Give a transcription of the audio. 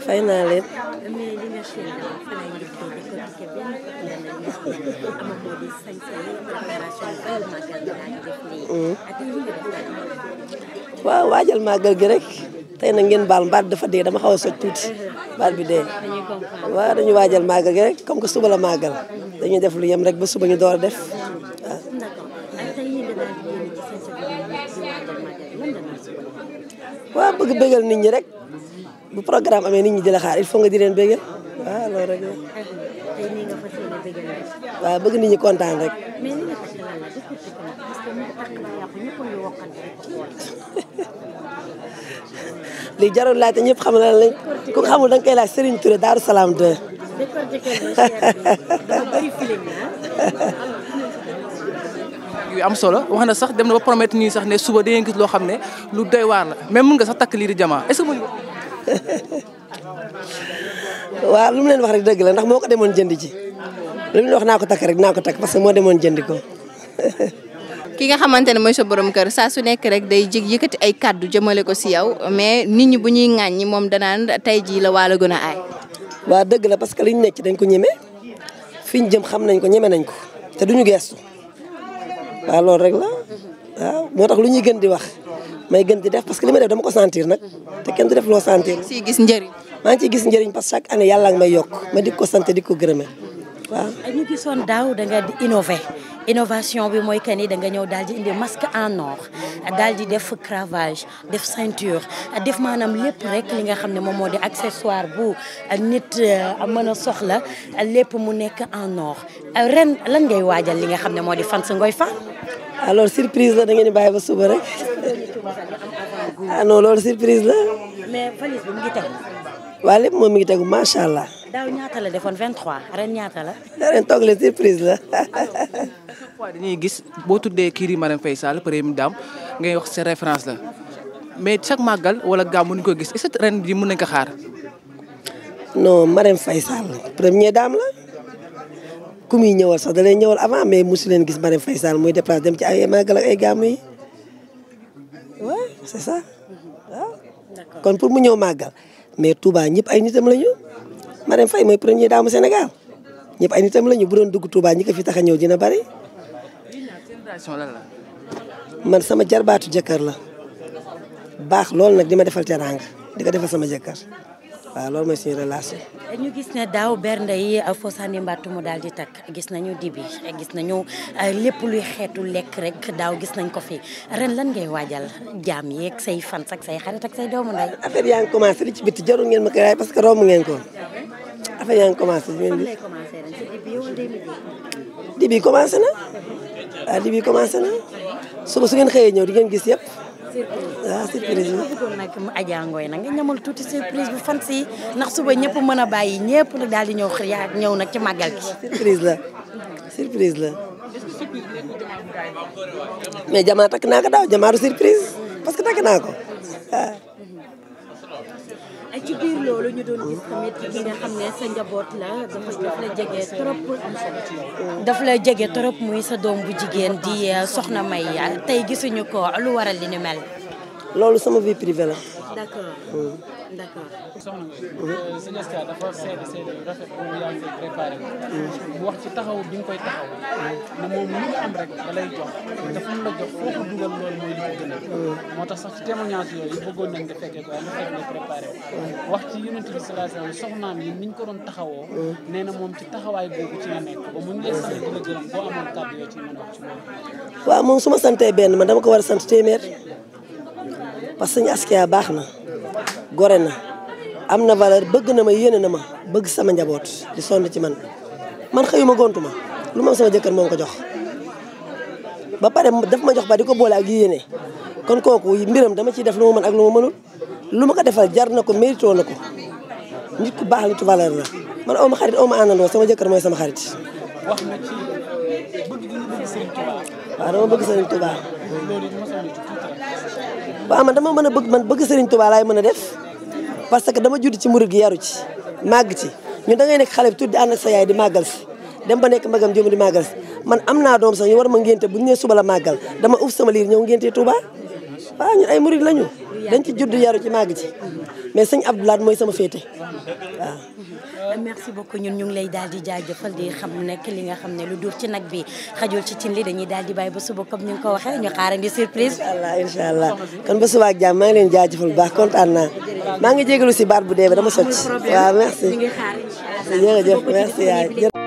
fay naa leen. waaw waajal màggal gi rek tey na ngeen baal mbaat dafa dee dama xaw a soj tuuti baat bi dee waaw dañu waajal màggal gi rek comme que suba la màggal def lu yem rek ba suba ñu door a def waaw waaw bëgg nit ñi rek bu programme amee nit ñi di la xaar il faut nga di leen bégal waaw loolu rek waaw bëgg nit ñi kontaan rek. li jarul laajte ñëpp xam na lañ ku xamul da koy laaj Serigne Touré Daaru Salaam 2. yu am solo wax na sax dem na ba promettre nii sax ne suba da ngeen gis loo xam ne lu doy waar la même mën nga sax takk lii di jamaa est-ce waaw lu mu leen wax rek dëgg la ndax moo ko demoon jëndi ji lu mu leen wax naa ko takk rek naa ko takk parce que moo demoon jëndi ko. ki nga xamante ne mooy sa borom kër saa su nekk rek day jig yëkkati ay kàddu jëmale ko si yow mais nit ñi bu ñuy ŋàññi moom danaan tey jii la waala gën a aay. waa dëgg la parce que liñ nekk dañ ko ñeme fi ñu jëm xam nañ ko ñeme nañ ko te duñu geestu waaw loolu rek la waaw moo tax lu ñuy gën di wax. may gën di def parce que li may def dama ko sentir nag te kenn du def loo sentir maa ngi ciy gis njëriñ parce que chaque année yàlla ngi may yokk ma di ko sant di ko gërëme waaw ñu gisoon daaw da nga di innové innovation bi mooy que ni da nga ñëw daal di indi masque en or daal di def cravage def ceinture def maanaam lépp li nga xam ne moom moo di accessoire bu nit euh, mën a soxla lépp mu nekk en a ren la ngay waajal li nga xam ne moo di fan sa ngoy fan alors ah, surprise la da ngeen di ba suba rek ah non loolu surprise la. mais waa lépp moom mi ngi tegu macha allah. daaw ñaata la defoon 23 ren ñaata la. ren toog la surprise la. dañuy gis boo tuddee kii di Marème Faye Sall première dame ngay wax sa référence la mais chaque màggal wala gàmmu ñu ko gis est-ce que mën nañ ko xaar. non Marème fay Sall première dame la. ku muy ñëwal sax da lay ñëwal avant mais mosu leen gis Marème fay Sall muy déplacé dem ci ay màggal ay gàmmu c'est ça waaw. Mm-hmm. Ah. kon pour mu ñëw màggal mais Touba ñëpp ay nitam lañu Marème Faye mooy premier mu Sénégal ñëpp ay nitam lañu bu doon dugg Touba ñi ko fi tax ñëw dina bari. man sama jarbaatu jëkkër la baax loolu nag di ma defal teraanga di ko defal sama jëkkër. waaw loolu mooy suñu relation. ñu gis ne daaw ber ndey euh, Fosani Mbattu mu daal di takk gis nañu dibi gis nañu euh, lépp luy xeetu lekk rek daaw gis nañ ko fi ren lan ngay waajal jaam yeeg say fan sak say xarit ak say doomu ndey. affaire yaa ngi commencé li ci bitti jarul ngeen ma koy raay parce que romb ngeen ko affaire yaa ngi commencé. fan lay commencé ren ci dibi wala demi dibi commencé na su ngeen xëyee ñëw di ngeen gis yëpp. ah surprise bi. bëggoon nag nag nga ñamal tuuti surprise fan si ndax suba ñëpp mën a bàyyi ñëpp nag daal di ñëw yaa ñëw nag ci màggal gi. surprise la surprise mais jamaa takk naa ko daaw jamaaru parce que takk naa ko waaw. ci biir loolu ñu doon gis tamit xam ne sa njaboot la dafa daf la jege trop. la jege trop muy sa doom bu jigéen di euh, soxna May tey gisuñu ko lu waral li ni mel. loolu sama vie privée la. d'accord hmm. d'accord. soxna nga sëñ Escale dafa seede seede yu rafet bu yaa ngi préparé mu wax ci taxaw bi nga koy taxaw ne hmm. moom lu nga am rek da lay jox hmm. dafa la jox foo ko dugal loolu mooy li ko gën a moo tax sax ci témoignage yooyu bëggoon nañ nga fekkee ko waaye nga fekk nga préparé wax ci yonent bi sallallahu alayhi wasallam soxnaam yi niñ ko doon taxawoo nee na moom ci taxawaay boobu ci la nekk ba mu ngi lay sant di la gërëm boo amoon kàddu yoo ci mën a wax ci moom waaw moom su ma santee benn man dama ko war a sant téeméer parce que suñu a baax na gore na am na valeur bëgg na ma yéene na ma bëgg sama njaboot di sonn ci man man xëyuma gontu ma lu moom sama jëkkër moom ko jox ba pare daf ma jox ba di ko boole ak kon kooku mbiram dama ciy def lu ma ak lu ma lu ma ko jar na ko mérito ko nit ku baax nitu valeur la man awma xarit sama jëkkër mooy sama xarit waaw dama bëgg Serigne Touba. waaw man dama mën a bëgg man bëgg Serigne Touba laay mën a def parce que dama judd ci murid gi yaru ci màgg ci ñu da ngay nekk xale bi tuuti di ànd ak di màggal si dem ba nekk magam jëm di màggal si man am naa doom sax ñu war ma ngénte bu ñu nee suba la màggal dama uf sama liir ñëw ngéente Touba waaw ñun ay murid lañu dañ ci judd yaru ci màgg ci mais sëñ Abdou mooy sama féete waaw. merci beaucoup ñun ñu ngi lay daal di jaajëfal di xam nekk li nga xam ne lu duur ci nag bi xajul ci cin li dañuy daal di bàyyi ba suba comme ni nga ko waxee ñu xaarandi surprise. incha allah incha allah kon ba suba ak jàmm maa ngi leen jaajëfal bu baax kontaan naa maa ngi jégalu si baat bu dee dama socc. waaw merci jërëjëf merci yaay.